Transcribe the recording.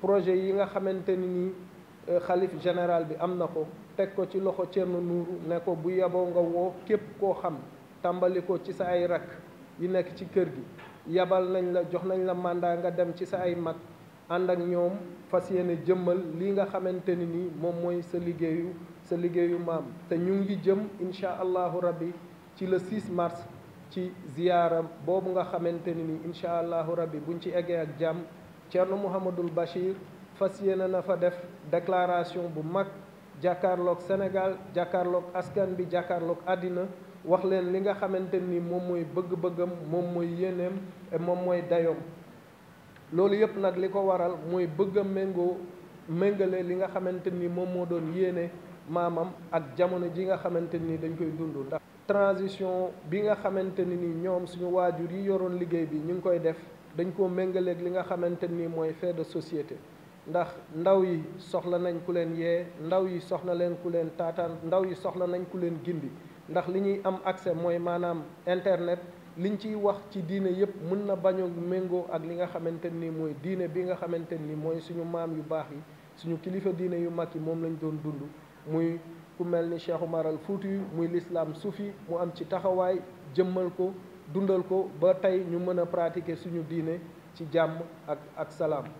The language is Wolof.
projet yi nga xamante ni nii euh, xalif général bi am na ko teg ko ci loxo Thierno Nourou ne ko bu yeboo nga woo képp koo xam tàmbali ko ci sa ay rakk yi nekk ci kër gi yabal nañ la jox nañ la mandat nga dem ci sa ay mag ànd ak ñoom fas yéene jëmmal lii nga xamante ni nii moom mooy sa liggéeyu sa liggéeyu maam te ñu ngi jëm incha allahu rabbi ci la 6 mars ci ziyaara boobu nga xamante ni nii incha allahu rabbi buñ ci eggee ak jàmm Thierno Mouhamadul Bachir fas yéene na fa def déclaration bu mag jàkkaarlook Sénégal jàkkaarlook askan bi jàkkaarlook àddina wax leen li nga xamante ni moom mooy bëgg-bëggam moom mooy yéeneem moom mooy dayoom loolu yëpp nag li ko waral mooy bëgg méngoo méngale li nga xamante ni moom moo doon yéene maamam ak jamono ji nga xamante ni dañ koy dund ndax transition bi nga xamante ni nii ñoom suñu waajur yi yoroon liggéey bi ñu ngi koy def dañ koo méngaleek li nga xamante ni mooy fait de société ndax ndaw yi soxla nañ ku leen yee ndaw yi soxla leen ku leen taataan ndaw yi soxla nañ ku leen gindi ndax li ñuy am accès mooy maanaam internet liñ ciy wax ci diine yépp mën na bañ méngoo ak li nga xamante ni mooy diine bi nga xamante ni mooy suñu maam yu baax yi suñu kilifa diine yu mag yi moom lañ doon dund muy ku mel ni Cheikh maral al Fuuti muy lislaam suufi mu am ci taxawaay jëmmal ko dundal ko ba tey ñu mën a pratiquer suñu diine ci jàmm ak ak salaam